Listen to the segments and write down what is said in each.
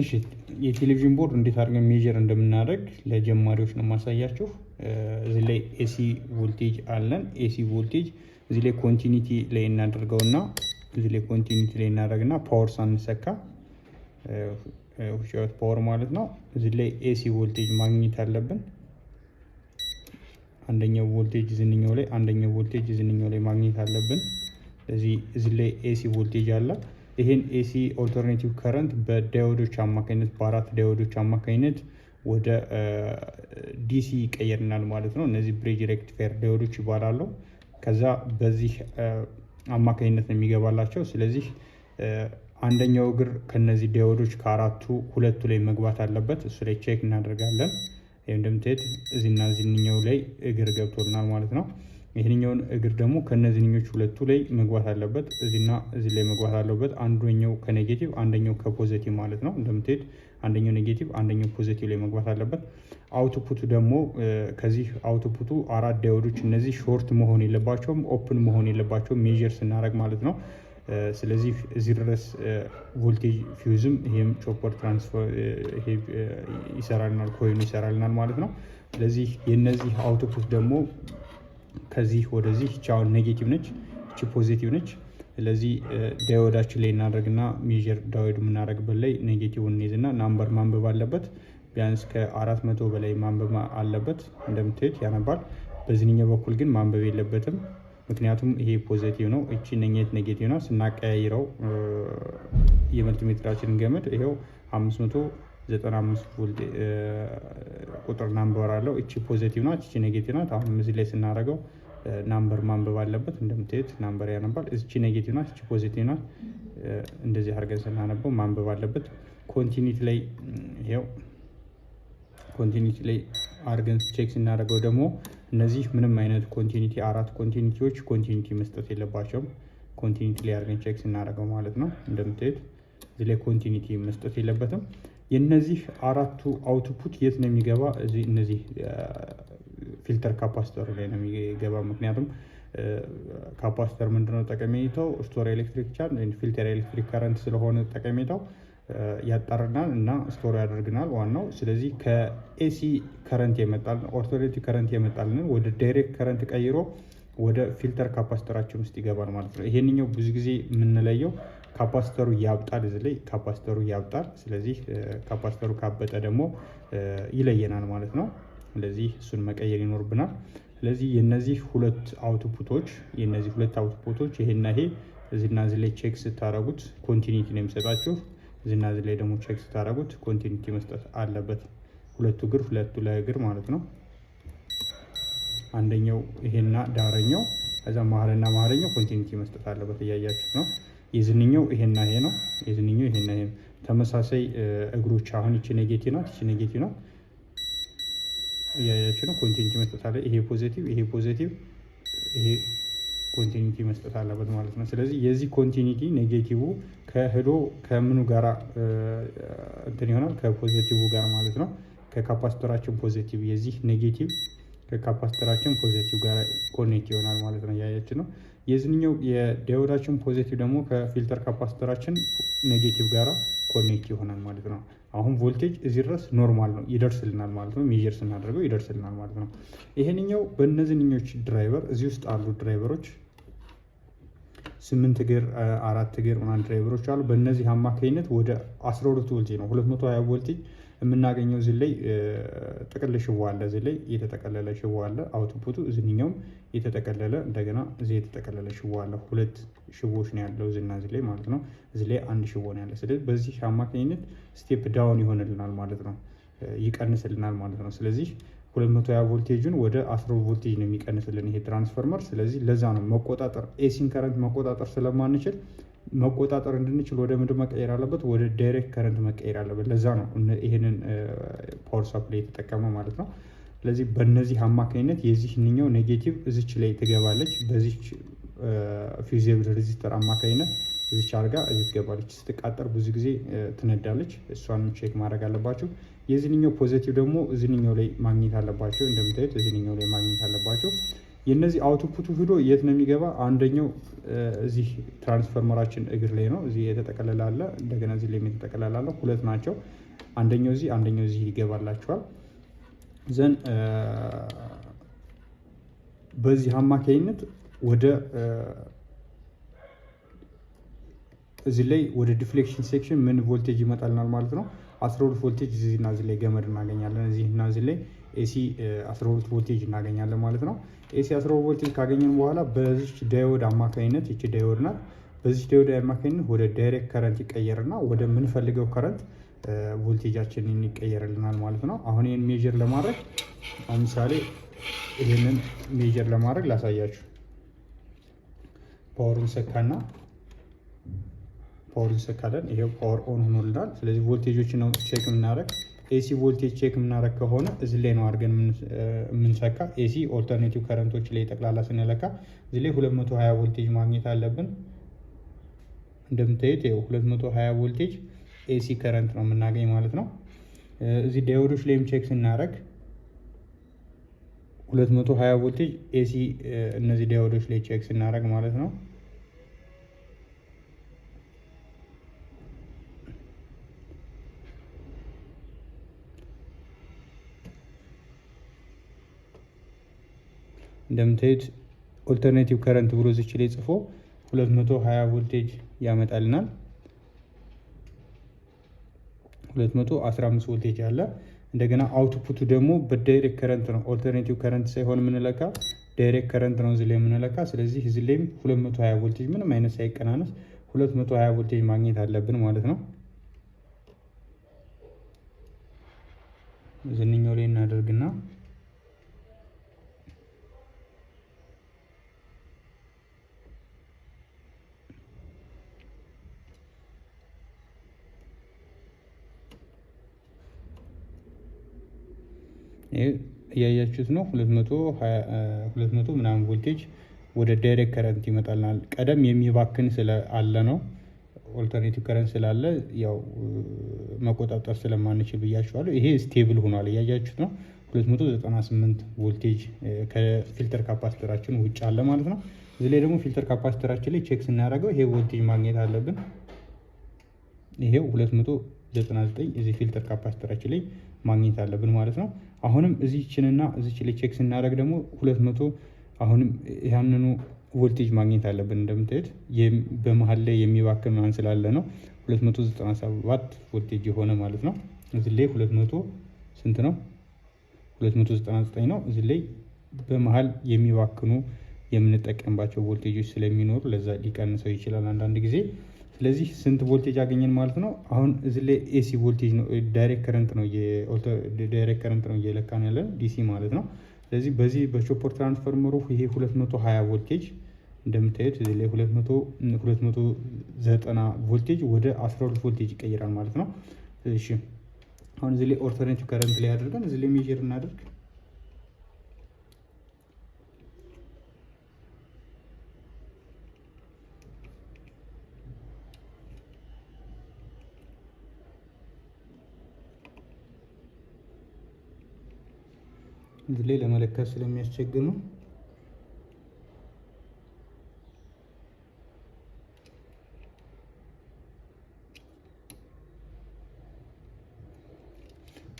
እሺ የቴሌቪዥን ቦርድ እንዴት አድርገን ሜጀር እንደምናደርግ ለጀማሪዎች ነው ማሳያችሁ። እዚህ ላይ ኤሲ ቮልቴጅ አለን። ኤሲ ቮልቴጅ እዚህ ላይ ኮንቲኒቲ ላይ እናደርገውና እዚህ ላይ ኮንቲኒቲ ላይ እናደርግና ፓወር ሳንሰካ ውጫወት ፓወር ማለት ነው። እዚህ ላይ ኤሲ ቮልቴጅ ማግኘት አለብን። አንደኛው ቮልቴጅ ዝንኛው ላይ፣ አንደኛው ቮልቴጅ ዝንኛው ላይ ማግኘት አለብን። እዚህ ላይ ኤሲ ቮልቴጅ አለ። ይህን ኤሲ ኦልተርኔቲቭ ከረንት በዳዮዶች አማካኝነት በአራት ዳዮዶች አማካኝነት ወደ ዲሲ ይቀየርናል ማለት ነው። እነዚህ ብሪጅ ሬክቲፋየር ዳዮዶች ይባላሉ። ከዛ በዚህ አማካኝነት ነው የሚገባላቸው። ስለዚህ አንደኛው እግር ከነዚህ ዳዮዶች ከአራቱ ሁለቱ ላይ መግባት አለበት። እሱ ላይ ቼክ እናደርጋለን። ይህ እንደምታዩት እዚህና እዚህኛው ላይ እግር ገብቶልናል ማለት ነው። ይህንኛውን እግር ደግሞ ከነዚህኞች ሁለቱ ላይ መግባት አለበት። እዚህና እዚህ ላይ መግባት አለበት። አንደኛው ከኔጌቲቭ አንደኛው ከፖዘቲቭ ማለት ነው። እንደምትሄድ አንደኛው ኔጌቲቭ አንደኛው ፖዘቲቭ ላይ መግባት አለበት። አውትፑቱ ደግሞ ከዚህ አውትፑቱ አራት ዳዮዶች እነዚህ ሾርት መሆን የለባቸውም፣ ኦፕን መሆን የለባቸውም ሜዥር ስናደርግ ማለት ነው። ስለዚህ እዚህ ድረስ ቮልቴጅ ፊውዝም ይሄም ቾፐር ትራንስፈር ይሰራልናል፣ ኮይኑ ይሰራልናል ማለት ነው። ስለዚህ የነዚህ አውትፑት ደግሞ ከዚህ ወደዚህ ቻውን ኔጌቲቭ ነች፣ እቺ ፖዚቲቭ ነች። ስለዚህ ዳዮዳችን ላይ እናደርግና ሜዥር ዳዮድ የምናደርግበት ላይ ኔጌቲቭ እንይዝና ናምበር ማንበብ አለበት። ቢያንስ ከአራት መቶ በላይ ማንበብ አለበት። እንደምታዩት ያነባል። በዚህኛው በኩል ግን ማንበብ የለበትም። ምክንያቱም ይሄ ፖዘቲቭ ነው፣ እቺ ነኘት ኔጌቲቭ ነው። ስናቀያይረው የመልቲሜትራችንን ገመድ ይኸው አምስት መቶ 95 ቁጥር ናምበር አለው። እቺ ፖዚቲቭ ናት፣ እቺ ኔጌቲቭ ናት። አሁን እዚህ ላይ ስናደርገው ናምበር ማንበብ አለበት። እንደምትሄድ ናምበር ያነባል። እቺ ኔጌቲቭ ናት፣ እቺ ፖዚቲቭ ናት። እንደዚህ አድርገን ስናነበው ማንበብ አለበት። ኮንቲኒቲ ላይ ይኸው ኮንቲኒቲ ላይ አድርገን ቼክ ስናደርገው ደግሞ እነዚህ ምንም አይነት ኮንቲኒቲ አራት ኮንቲኒቲዎች ኮንቲኒቲ መስጠት የለባቸውም። ኮንቲኒቲ ላይ አድርገን ቼክ ስናደርገው ማለት ነው እንደምታዩት እዚህ ላይ ኮንቲኒቲ መስጠት የለበትም። የነዚህ አራቱ አውትፑት የት ነው የሚገባ? እነዚህ ፊልተር ካፓስተር ላይ ነው የሚገባ። ምክንያቱም ካፓስተር ምንድነው ጠቀሜታው? ስቶር ኤሌክትሪክ ቻርጅ ፊልተር ኤሌክትሪክ ከረንት ስለሆነ ጠቀሜታው ያጣርናል እና ስቶር ያደርግናል ዋናው። ስለዚህ ከኤሲ ከረንት የመጣልን ኦርቶሌቲክ ከረንት የመጣልንን ወደ ዳይሬክት ከረንት ቀይሮ ወደ ፊልተር ካፓስተራችን ውስጥ ይገባል ማለት ነው። ይሄንኛው ብዙ ጊዜ የምንለየው ካፓስተሩ ያብጣል እዚ ላይ ካፓስተሩ ያብጣል። ስለዚህ ካፓስተሩ ካበጠ ደግሞ ይለየናል ማለት ነው። ስለዚህ እሱን መቀየር ይኖርብናል። ስለዚህ የነዚህ ሁለት አውትፑቶች የነዚህ ሁለት አውትፑቶች ይሄና ይሄ እዚና እዚ ላይ ቼክ ስታደረጉት ኮንቲኒቲ ነው የሚሰጣችሁ። እዚና እዚ ላይ ደግሞ ቼክ ስታደረጉት ኮንቲኒቲ መስጠት አለበት። ሁለቱ እግር ሁለቱ ለእግር ማለት ነው። አንደኛው ይሄና ዳረኛው ከዛ መሀልና መሀለኛው ኮንቲኒቲ መስጠት አለበት። እያያችሁ ነው። የዝንኛው ይሄና ይሄ ነው። የዝንኛው ይሄና ይሄ ተመሳሳይ እግሮች አሁን ይቺ ኔጌቲ ናት፣ ይቺ ኔጌቲ ናት። እያያች ነው። ኮንቲኒቲ መስጠት አለ። ይሄ ፖዚቲቭ፣ ይሄ ፖዚቲቭ፣ ይሄ ኮንቲኒቲ መስጠት አለበት ማለት ነው። ስለዚህ የዚህ ኮንቲኒቲ ኔጌቲቭ ከህዶ ከምኑ ጋራ እንትን ይሆናል ከፖዚቲቭ ጋር ማለት ነው። ከካፓስተራችን ፖዚቲቭ የዚህ ኔጌቲቭ ከካፓስተራችን ፖዚቲቭ ጋር ኮኔክት ይሆናል ማለት ነው። ያያችን ነው። የዝንኛው የዳዮዳችን ፖዚቲቭ ደግሞ ከፊልተር ካፓስተራችን ኔጌቲቭ ጋራ ኮኔክት ይሆናል ማለት ነው። አሁን ቮልቴጅ እዚህ ድረስ ኖርማል ነው ይደርስልናል ማለት ነው። ሜጀር ስናደርገው ይደርስልናል ማለት ነው። ይሄንኛው በእነዚህኞች ድራይቨር እዚህ ውስጥ አሉ ድራይቨሮች ስምንት እግር አራት እግር ምናምን ድራይቨሮች አሉ። በእነዚህ አማካኝነት ወደ 12 ቮልቴጅ ነው 220 ቮልቴጅ የምናገኘው እዚህ ላይ ጥቅል ሽቦ አለ። እዚህ ላይ የተጠቀለለ ሽቦ አለ። አውትፑቱ እዚህኛውም የተጠቀለለ እንደገና እዚህ የተጠቀለለ ሽቦ አለ። ሁለት ሽቦዎች ነው ያለው እዚህና እዚህ ላይ ማለት ነው። እዚህ ላይ አንድ ሽቦ ነው ያለ። ስለዚህ በዚህ አማካኝነት ስቴፕ ዳውን ይሆንልናል ማለት ነው፣ ይቀንስልናል ማለት ነው። ስለዚህ 220 ቮልቴጁን ወደ 10 ቮልቴጅ ነው የሚቀንስልን ይሄ ትራንስፎርመር። ስለዚህ ለዛ ነው መቆጣጠር ኤሲን ከረንት መቆጣጠር ስለማንችል መቆጣጠር እንድንችል ወደ ምንድን መቀየር አለበት? ወደ ዳይሬክት ከረንት መቀየር አለበት። ለዛ ነው ይህንን ፓወር ሳፕላይ የተጠቀመ ማለት ነው። ስለዚህ በእነዚህ አማካኝነት የዚህኛው ኔጌቲቭ እዚች ላይ ትገባለች። በዚች ፊዚብል ሬዚስተር አማካኝነት እዚች አድርጋ እዚህ ትገባለች። ስትቃጠር ብዙ ጊዜ ትነዳለች። እሷን ቼክ ማድረግ አለባቸው። የዚህኛው ፖዘቲቭ ደግሞ እዚህኛው ላይ ማግኘት አለባቸው። እንደምታዩት እዚህኛው ላይ ማግኘት አለባቸው። የነዚህ አውትፑቱ ሂዶ የት ነው የሚገባ? አንደኛው እዚህ ትራንስፎርመራችን እግር ላይ ነው። እዚህ የተጠቀለለ አለ፣ እንደገና እዚህ ላይ የተጠቀለለ አለ። ሁለት ናቸው። አንደኛው እዚህ፣ አንደኛው እዚህ ይገባላችኋል ዘን በዚህ አማካኝነት ወደ እዚህ ላይ ወደ ዲፍሌክሽን ሴክሽን ምን ቮልቴጅ ይመጣልናል ማለት ነው። 12 ቮልቴጅ እዚህና እዚህ ላይ ገመድ እናገኛለን። እዚህና እዚህ ላይ ኤሲ 12 ቮልቴጅ እናገኛለን ማለት ነው። ኤሲ 12 ቮልቴጅ ካገኘን በኋላ በዚች ዳዮድ አማካኝነት ይቺ ዳዮድ ናት። በዚች ዳዮድ አማካኝነት ወደ ዳይሬክት ከረንት ይቀየርና ወደ ምንፈልገው ከረንት ቮልቴጃችንን ይቀየርልናል ማለት ነው። አሁን ይህን ሜጀር ለማድረግ ምሳሌ ይህንን ሜጀር ለማድረግ ላሳያችሁ። ፓወሩን ሰካና ፓወሩን ሰካለን። ይሄው ፓወር ኦን ሆኖልናል። ስለዚህ ቮልቴጆችን ነው ቼክ የምናደርግ ኤሲ ቮልቴጅ ቼክ የምናደረግ ከሆነ እዚህ ላይ ነው አድርገን የምንሰካ። ኤሲ ኦልተርኔቲቭ ከረንቶች ላይ ጠቅላላ ስንለካ እዚ ላይ 220 ቮልቴጅ ማግኘት አለብን። እንደምታዩት 220 ቮልቴጅ ኤሲ ከረንት ነው የምናገኝ ማለት ነው። እዚ ዳዮዶች ላይም ቼክ ስናደረግ 220 ቮልቴጅ ኤሲ እነዚህ ዳዮዶች ላይ ቼክ ስናደረግ ማለት ነው እንደምታዩት ኦልተርኔቲቭ ከረንት ብሎ ዝች ላይ ጽፎ 220 ቮልቴጅ ያመጣልናል። 215 ቮልቴጅ አለ። እንደገና አውትፑቱ ደግሞ በዳይሬክት ከረንት ነው። ኦልተርኔቲቭ ከረንት ሳይሆን የምንለካ ዳይሬክት ከረንት ነው እዚህ ላይ የምንለካ። ስለዚህ እዚህ ላይም 220 ቮልቴጅ ምንም አይነት ሳይቀናነስ 220 ቮልቴጅ ማግኘት አለብን ማለት ነው። ዝንኛው ላይ እናደርግና እያያችሁት ነው 200 ምናምን ቮልቴጅ ወደ ዳይሬክት ከረንት ይመጣልናል። ቀደም የሚባክን ስለአለ ነው ኦልተርኔቲቭ ከረንት ስላለ ያው መቆጣጠር ስለማንችል ብያችኋለሁ። ይሄ ስቴብል ሆኗል እያያችሁት ነው 298 ቮልቴጅ ከፊልተር ካፓስተራችን ውጭ አለ ማለት ነው። እዚ ላይ ደግሞ ፊልተር ካፓስተራችን ላይ ቼክ ስናደርገው ይሄ ቮልቴጅ ማግኘት አለብን። ይሄው 299 እዚህ ፊልተር ካፓስተራችን ላይ ማግኘት አለብን ማለት ነው። አሁንም እዚችንና እዚች ላይ ቼክ ስናደርግ ደግሞ ሁለት መቶ አሁንም ያንኑ ቮልቴጅ ማግኘት አለብን። እንደምታዩት በመሀል ላይ የሚባክን ምናምን ስላለ ነው 297 ቮልቴጅ የሆነ ማለት ነው። እዚ ላይ 200 ስንት ነው? 299 ነው። እዚህ ላይ በመሀል የሚባክኑ የምንጠቀምባቸው ቮልቴጆች ስለሚኖሩ ለዛ ሊቀንሰው ይችላል አንዳንድ ጊዜ ስለዚህ ስንት ቮልቴጅ አገኘን ማለት ነው። አሁን እዚህ ላይ ኤሲ ቮልቴጅ ነው፣ ዳይሬክት ከረንት ነው፣ ዳይሬክት ከረንት ነው እየለካን ዲሲ ማለት ነው። ስለዚህ በዚህ በቾፐር ትራንስፈርመሩ ይሄ 220 ቮልቴጅ እንደምታዩት እዚ ላይ 290 ቮልቴጅ ወደ 12 ቮልቴጅ ይቀይራል ማለት ነው። እሺ አሁን እዚህ ላይ ኦልተርኔቲቭ ከረንት ላይ አድርገን እዚህ ላይ ሜዥር እናደርግ እዚህ ላይ ለመለካት ስለሚያስቸግር ነው።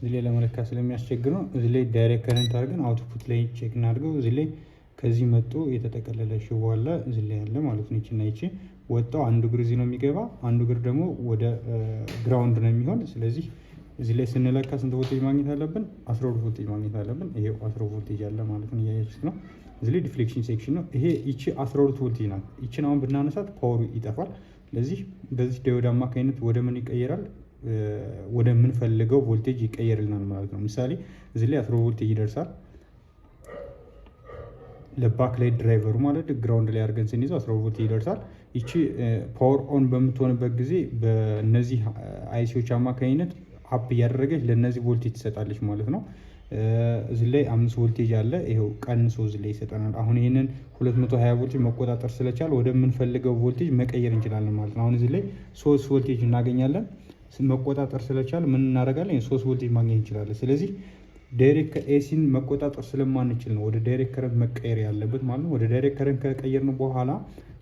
እዚህ ላይ ለመለካት ስለሚያስቸግር ነው። እዚህ ላይ ዳይሬክት ከረንት አድርገን አውትፑት ላይ ቼክ እናድርገው። እዚህ ላይ ከዚህ መጥቶ የተጠቀለለ ሽቦ አለ እዚህ ላይ ያለ ማለት ነው። ይችና ይቺ ወጣው አንዱ እግር እዚህ ነው የሚገባ፣ አንዱ እግር ደግሞ ወደ ግራውንድ ነው የሚሆን ስለዚህ እዚህ ላይ ስንለካ ስንት ቮልቴጅ ማግኘት አለብን? 12 ቮልቴጅ ማግኘት አለብን። ይሄ 12 ቮልቴጅ አለ ማለት ነው። እያያችሁት ነው። እዚህ ላይ ዲፍሌክሽን ሴክሽን ነው ይሄ። ይቺ 12 ቮልቴጅ ናት። ይችን አሁን ብናነሳት ፓወሩ ይጠፋል። ስለዚህ በዚህ ዳዮድ አማካኝነት ወደ ምን ይቀየራል? ወደ ወደምንፈልገው ቮልቴጅ ይቀየርልናል ማለት ነው። ምሳሌ እዚህ ላይ 12 ቮልቴጅ ይደርሳል ለባክ ላይ ድራይቨሩ ማለት ግራውንድ ላይ አድርገን ስንይዘው 12 ቮልት ይደርሳል። ይቺ ፓወር ኦን በምትሆንበት ጊዜ በእነዚህ አይሲዎች አማካኝነት አፕ እያደረገች ለእነዚህ ቮልቴጅ ትሰጣለች ማለት ነው። እዚህ ላይ አምስት ቮልቴጅ አለ። ይኸው ቀንሶ እዚህ ላይ ይሰጠናል። አሁን ይህንን 220 ቮልቴጅ መቆጣጠር ስለቻል ወደምንፈልገው ቮልቴጅ መቀየር እንችላለን ማለት ነው። አሁን እዚህ ላይ ሶስት ቮልቴጅ እናገኛለን። መቆጣጠር ስለቻል ምን እናደርጋለን? ሶስት ቮልቴጅ ማግኘት እንችላለን። ስለዚህ ዳይሬክት ኤሲን መቆጣጠር ስለማንችል ነው ወደ ዳይሬክት ከረንት መቀየር ያለበት ማለት ነው። ወደ ዳይሬክት ከረንት ከቀየርን በኋላ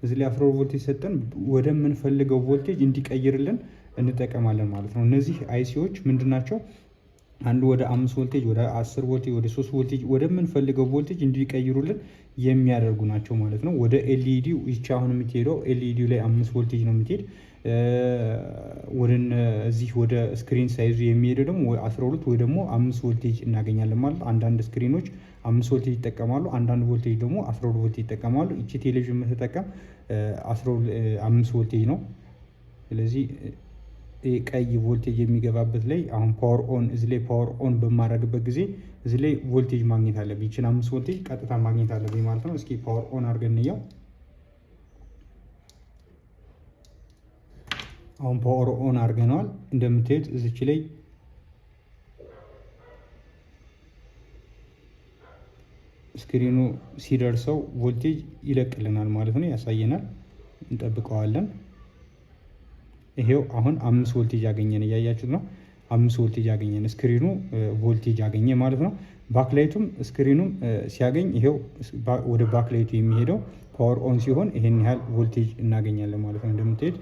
እዚህ ላይ አስራ ቮልቴጅ ሰጠን ወደምንፈልገው ቮልቴጅ እንዲቀይርልን እንጠቀማለን ማለት ነው። እነዚህ አይሲዎች ምንድን ናቸው? አንዱ ወደ አምስት ቮልቴጅ ወደ አስር ቮልቴጅ ወደ ሶስት ቮልቴጅ ወደምንፈልገው ቮልቴጅ እንዲቀይሩልን የሚያደርጉ ናቸው ማለት ነው። ወደ ኤልኢዲ ይቺ አሁን የምትሄደው ኤልኢዲ ላይ አምስት ቮልቴጅ ነው የምትሄድ። ወደ እዚህ ወደ ስክሪን ሳይዙ የሚሄደው ደግሞ አስራ ሁለት ወይ ደግሞ አምስት ቮልቴጅ እናገኛለን ማለት አንዳንድ ስክሪኖች አምስት ቮልቴጅ ይጠቀማሉ። አንዳንድ ቮልቴጅ ደግሞ አስራ ሁለት ቮልቴጅ ይጠቀማሉ። ይቺ ቴሌቪዥን የምትጠቀም አስራ አምስት ቮልቴጅ ነው። ስለዚህ ቀይ ቮልቴጅ የሚገባበት ላይ አሁን ፓወር ኦን እዚ ላይ ፓወር ኦን በማድረግበት ጊዜ እዚ ላይ ቮልቴጅ ማግኘት አለብኝ። ይችን አምስት ቮልቴጅ ቀጥታ ማግኘት አለብኝ ማለት ነው። እስኪ ፓወር ኦን አድርገን እንየው። አሁን ፓወር ኦን አድርገነዋል። እንደምታዩት እዚች ላይ ስክሪኑ ሲደርሰው ቮልቴጅ ይለቅልናል ማለት ነው፣ ያሳየናል። እንጠብቀዋለን። ይሄው አሁን አምስት ቮልቴጅ ያገኘን እያያችሁት ነው። አምስት ቮልቴጅ ያገኘን ስክሪኑ ቮልቴጅ ያገኘ ማለት ነው። ባክላይቱም ስክሪኑም ሲያገኝ ይሄው ወደ ባክላይቱ የሚሄደው ፓወር ኦን ሲሆን ይሄን ያህል ቮልቴጅ እናገኛለን ማለት ነው። እንደምትሄድ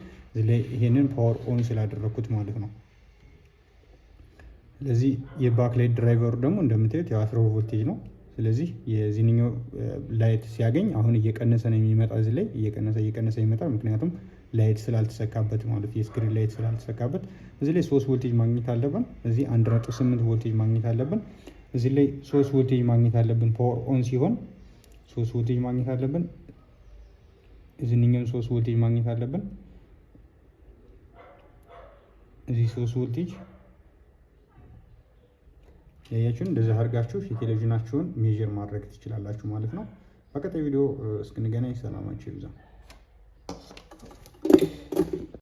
ላይ ይሄንን ፓወር ኦን ስላደረግኩት ማለት ነው። ስለዚህ የባክላይት ድራይቨሩ ደግሞ እንደምትሄድ የአስራ ቮልቴጅ ነው። ስለዚህ የዚህኛው ላይት ሲያገኝ አሁን እየቀነሰ ነው የሚመጣ እዚህ ላይ እየቀነሰ እየቀነሰ ይመጣል ምክንያቱም ላይት ስላልተሰካበት ማለት የስክሪን ላይት ስላልተሰካበት እዚህ ላይ ሶስት ቮልቴጅ ማግኘት አለብን። እዚህ አንድ ነጥብ ስምንት ቮልቴጅ ማግኘት አለብን። እዚህ ላይ ሶስት ቮልቴጅ ማግኘት አለብን። ፓወር ኦን ሲሆን ሶስት ቮልቴጅ ማግኘት አለብን። እዚህኛውም ሶስት ቮልቴጅ ማግኘት አለብን። እዚህ ሶስት ቮልቴጅ ያያችሁን እንደዚህ አድርጋችሁ የቴሌቪዥናችሁን ሜዥር ማድረግ ትችላላችሁ ማለት ነው። በቀጣይ ቪዲዮ እስክንገናኝ ሰላማችሁ ይብዛ።